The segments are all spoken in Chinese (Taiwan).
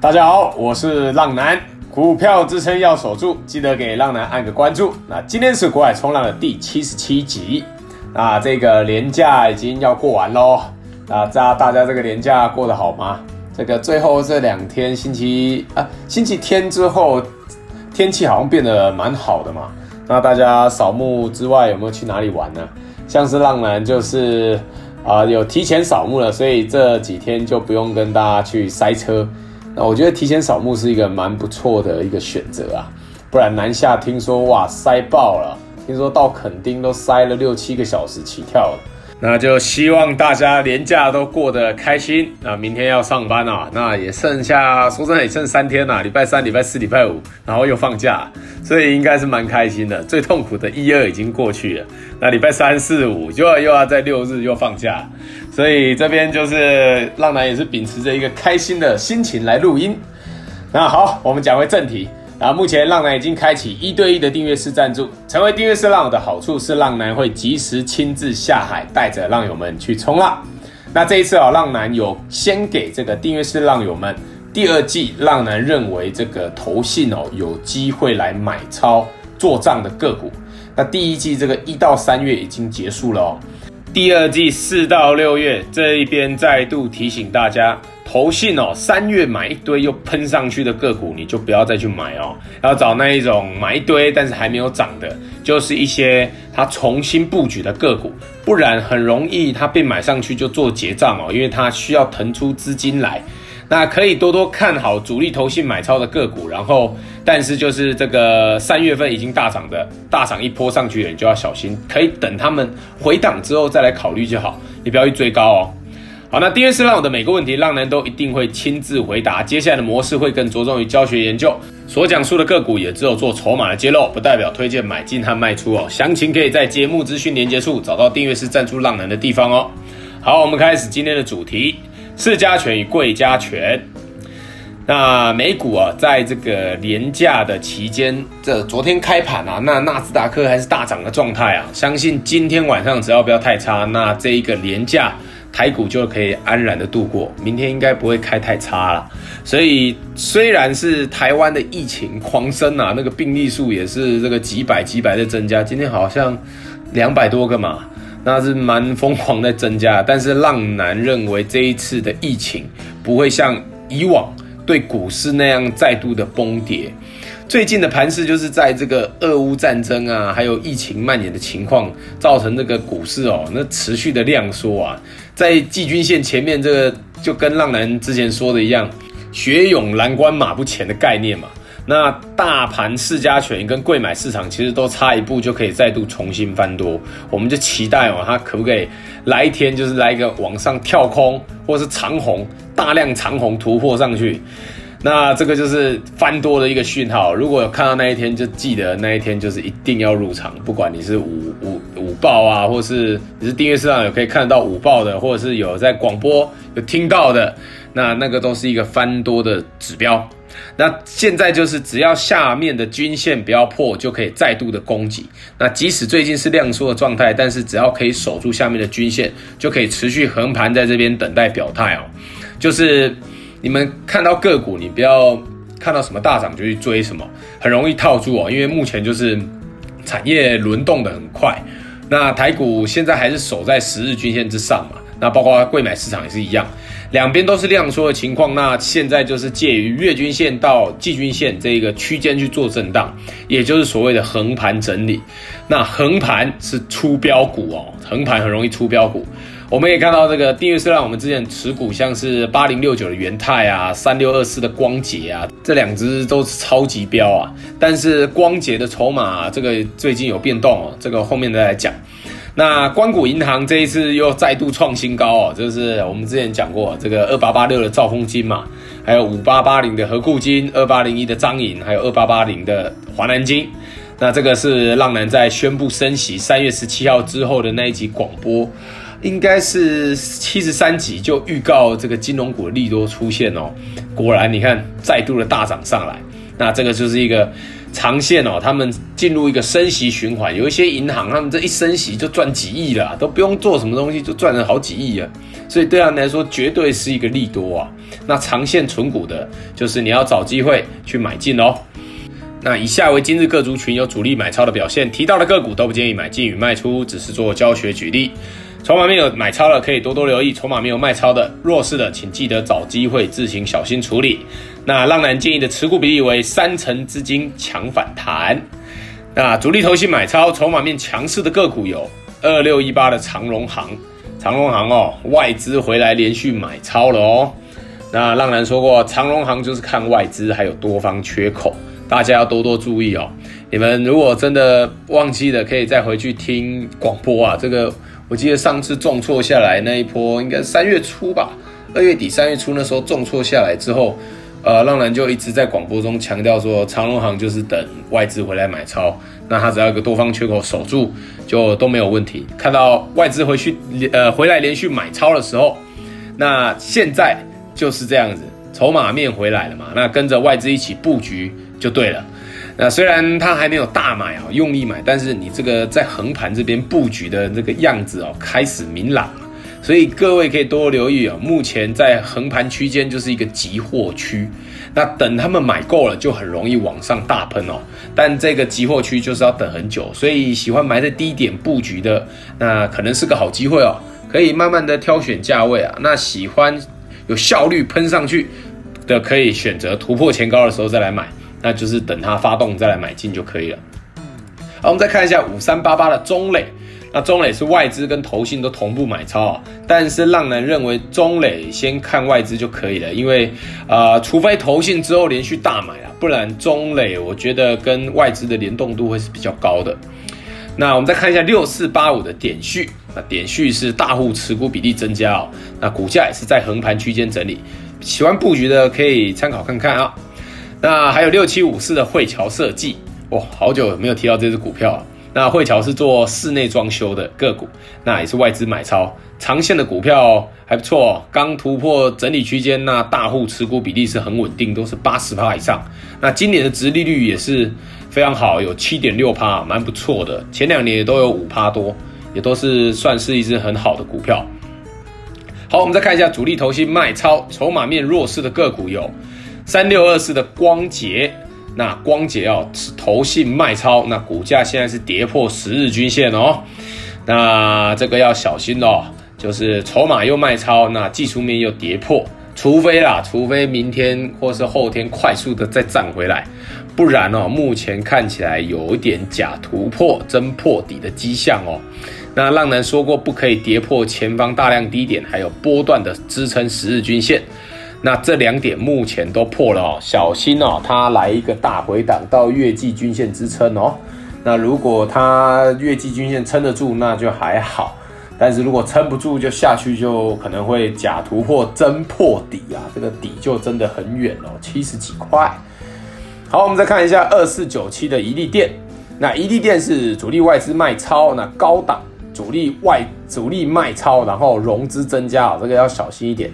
大家好，我是浪男，股票支撐要守住，記得給浪男按個關注。那今天是股海衝浪的第七十七集。那這個連假已經要過完咯啊，大家這個連假過得好嗎？這個最後這兩天星期啊星期天之後，天氣好像變得蠻好的嘛。那大家掃墓之外有沒有去哪裡玩呢？像是浪男就是啊、呃、有提前掃墓了，所以這幾天就不用跟大家去塞車。那我覺得提前掃墓是一個蠻不錯的一個選擇啊，不然南下聽說哇塞爆了，聽說到墾丁都塞了六七個小時起跳了。那就希望大家連假都過得開心啊。那明天要上班啊。那也剩下說真的也剩三天了啊，禮拜三、禮拜四、禮拜五，然後又放假，所以應該是蠻開心的。最痛苦的一二已經過去了，那禮拜三四五就要啊又要啊在六日又放假。所以這邊就是浪男也是秉持着一個開心的心情來錄音。那好，我們講回正題啊。目前浪男已經開啟一對一的訂閱式贊助。成為訂閱式浪友的好處是，浪男會及時親自下海，帶着浪友們去衝浪。那這一次哦，浪男有先給這個訂閱式浪友們第二季。浪男認為這個投信哦有機會來買超做賬的個股。那第一季這個一到三月已經結束了哦。第二季四到六月這一邊再度提醒大家，投信哦，三月買一堆又噴上去的個股，你就不要再去買哦，要找那一種買一堆但是還沒有漲的，就是一些它重新布局的個股，不然很容易它被買上去就做結賬哦，因為它需要騰出資金來。那可以多多看好主力投信買超的個股，然後，但是就是這個三月份已經大漲的，大漲一波上去了，你就要小心，可以等他們回檔之後再來考慮就好，你不要去追高哦。好，那訂閱式讓我的每個問題，浪男都一定會親自回答。接下來的模式會更着重於教學研究，所講述的個股也只有做籌碼的揭露，不代表推薦買進和賣出哦。詳情可以在節目資訊連結處找到訂閱式贊助浪男的地方哦。好，我們開始今天的主題。市加權與櫃加權，那美股啊，在這個連假的期間，這昨天開盤啊，那納斯達克還是大漲的狀態啊，相信今天晚上只要不要太差，那這一個連假台股就可以安然的度過，明天應該不會開太差了。所以雖然是台灣的疫情狂升啊，那個病例數也是這個幾百幾百的增加，今天好像兩百多個嘛。那是蠻瘋狂的增加，但是浪男認為這一次的疫情不會像以往對股市那樣再度的崩跌。最近的盤勢就是在這個俄烏戰爭啊，還有疫情蔓延的情況，造成這個股市哦，那持續的量縮啊，在季均線前面，這個就跟浪男之前說的一樣，雪擁藍關馬不前的概念嘛。那大盤市加權跟櫃買市場其實都差一步就可以再度重新翻多，我們就期待哦，它可不可以來一天，就是來一個往上跳空，或是長紅大量長紅突破上去，那這個就是翻多的一個訊號。如果有看到那一天，就記得那一天就是一定要入場，不管你是五五五報啊，或是你是訂閱市場有可以看得到五報的，或者是有在廣播有聽到的，那那個都是一個翻多的指標。那現在就是只要下面的均線不要破，就可以再度的攻擊。那即使最近是量縮的狀態，但是只要可以守住下面的均線，就可以持續橫盤在這邊等待表態哦。就是你們看到個股，你不要看到什麼大漲就去追什麼，很容易套住哦。因為目前就是產業輪動的很快。那台股現在還是守在十日均線之上嘛？那包括櫃買市場也是一樣，兩邊都是量縮的情況。那現在就是介於月均線到季均線這一個區間去做震盪，也就是所謂的橫盤整理。那橫盤是出飆股哦，橫盤很容易出飆股。我們也看到這個訂閱式浪友們之前持股像是八零六九的元太啊，三六二四的光頡啊，這兩只都是超級飆啊。但是光頡的籌碼啊，這個最近有變動哦，這個後面再來講。那官股銀行這一次又再度創新高哦，就是我們之前講過這個二八八六的兆豐金嘛，還有五八八零的合庫金，二八零一的彰銀，還有二八八零的華南金。那這個是浪男在宣布升息三月十七號之後的那一集廣播，應該是七十三集就預告這個金融股的利多出現哦。果然，你看再度的大漲上來，那這個就是一個。長線哦，他們進入一個升息循環，有一些銀行，他們這一升息就賺幾億了，都不用做什麼東西就賺了好幾億啊，所以對他們來說絕對是一個利多啊。那長線存股的，就是你要找機會去買進嘍，哦。那以下為今日各族群有主力買超的表現，提到的個股都不建議買進與賣出，只是做教學舉例。籌碼沒有買超的可以多多留意，籌碼沒有賣超的弱勢的，請記得找機會自行小心處理。那浪男建議的持股比例為三成資金搶反彈。那主力投信買超，籌碼面強勢的個股有二六一八的長榮航。長榮航哦，外資回來連續買超了哦。那浪男說過，長榮航就是看外資還有多方缺口，大家要多多注意哦。你們如果真的忘記了，可以再回去聽廣播啊。這個我記得上次重挫下來那一波，應該三月初吧？二月底三月初那時候重挫下來之後。呃，浪男就一直在廣播中強調說，長榮航就是等外資回來買超，那它只要一個多方缺口守住，就都沒有問題。看到外資回去，呃，回來連續買超的時候，那現在就是這樣子，籌碼面回來了嘛，那跟着外資一起布局就對了。那雖然它還沒有大買啊、哦，用力買，但是你這個在橫盤這邊布局的這個樣子哦，開始明朗嘛。所以各位可以多留意啊、哦，目前在橫盤區間就是一個集貨區，那等他們買夠了，就很容易往上大噴哦。但這個集貨區就是要等很久，所以喜歡買在低點布局的，那可能是個好機會哦，可以慢慢的挑選價位啊。那喜歡有效率噴上去的，可以選擇突破前高的時候再來買，那就是等它發動再來買進就可以了。好、啊，我們再看一下五三八八的中磊。那中磊是外資跟投信都同步買超啊，但是浪人認為中磊先看外資就可以了，因為、呃、除非投信之後連續大買啊，不然中磊我覺得跟外資的聯動度會是比較高的。那我們再看一下六四八五的點序，那點序是大戶持股比例增加哦、喔，那股價也是在橫盤區間整理，喜歡布局的可以參考看看啊、喔。那還有六七五四的匯橋設計，哦好久沒有提到這支股票了。那匯僑是做室內裝修的個股，那也是外資買超長線的股票，還不錯、哦，剛突破整理區間，那大戶持股比例是很穩定，都是八十趴以上。那今年的殖利率也是非常好，有七點六趴，蠻不錯的。前兩年也都有五趴多，也都是算是一只很好的股票。好，我們再看一下主力投信賣超、籌碼面弱勢的個股有三六二四的光頡。那光頡哦是投信賣超，那股價現在是跌破十日均線哦，那這個要小心哦，就是籌碼又賣超，那技術面又跌破，除非啦，除非明天或是後天快速的再漲回來，不然哦，目前看起來有一點假突破真破底的跡象哦。那浪男說過不可以跌破前方大量低點，還有波段的支撐十日均線。那這兩點目前都破了哦、喔，小心哦，它來一個大回檔到月季均線支撐哦。那如果它月季均線撐得住，那就還好；但是如果撐不住就下去，就可能會假突破真破底啊。這個底就真的很遠哦，七十幾塊。好，我們再看一下二四九七的怡利電。那怡利電是主力外資賣超，那高檔主力外主力賣超，然後融資增加啊、喔，這個要小心一點。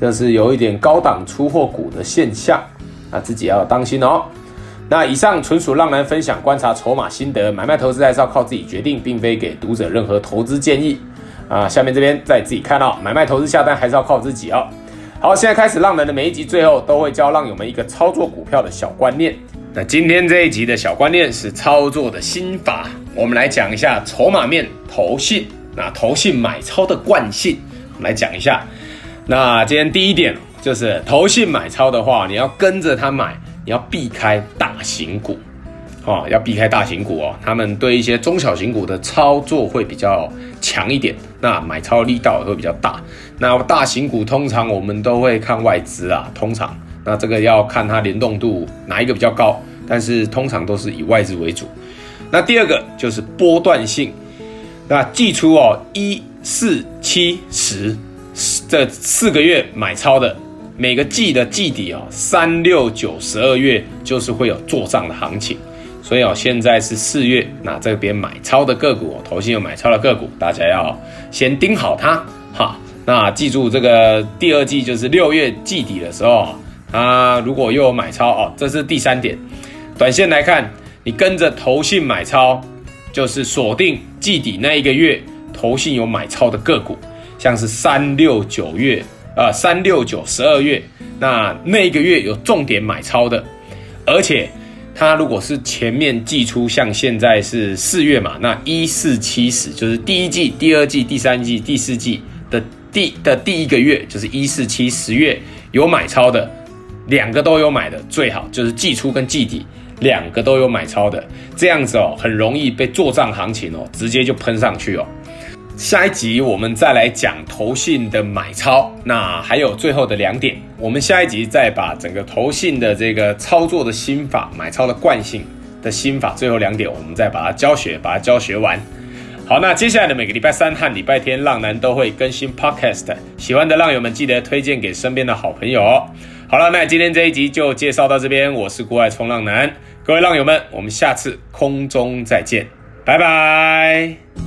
這是有一點高檔出貨股的現象啊，那自己要當心哦。那以上純屬浪男分享觀察籌碼心得，買賣投資還是要靠自己決定，並非給讀者任何投資建議啊。下面這邊再自己看哦，買賣投資下單還是要靠自己哦。好，現在開始，浪男的每一集最後都會教浪友們一個操作股票的小觀念。那今天這一集的小觀念是操作的心法，我們來講一下籌碼面投信，那投信買超的慣性，我們來講一下。那今天第一點就是投信買超的話，你要跟着他買，你要避開大型股，哦，要避開大型股哦。他們對一些中小型股的操作會比較強一點，那買超的力道也會比較大。那大型股通常我們都會看外資啊，通常那這個要看它聯動度哪一個比較高，但是通常都是以外資為主。那第二個就是波段性，那季初哦一四七十。1, 4, 7, 這四個月買超的每個季的季底哦，三六九十二月，就是會有做賬的行情，所以哦，現在是四月，那這邊買超的個股，投信有買超的個股，大家要先盯好它哈。那記住，這個第二季就是六月季底的時候啊，如果又有買超哦，這是第三點。短線來看，你跟着投信買超，就是鎖定季底那一個月，投信有買超的個股。像是三六九月，呃，三六九十二月，那那一個月有重點買超的，而且它如果是前面季初，像現在是四月嘛，那一四七十就是第一季、第二季、第三季、第四季的第的，的第一個月，就是一四七十月有買超的，兩個都有買的，最好就是季初跟季底兩個都有買超的，這樣子哦，很容易被做賬行情哦，直接就噴上去哦。下一集我們再來講投信的買超，那還有最後的兩點，我們下一集再把整個投信的這個操作的心法，買超的慣性的心法，最後兩點我們再把它教學，把它教學完。好，那接下來的每個禮拜三和禮拜天，浪男都會更新 Podcast，喜歡的浪友們記得推薦給身邊的好朋友哦。好了，那今天這一集就介紹到這邊，我是股海衝浪男，各位浪友們，我們下次空中再見，拜拜。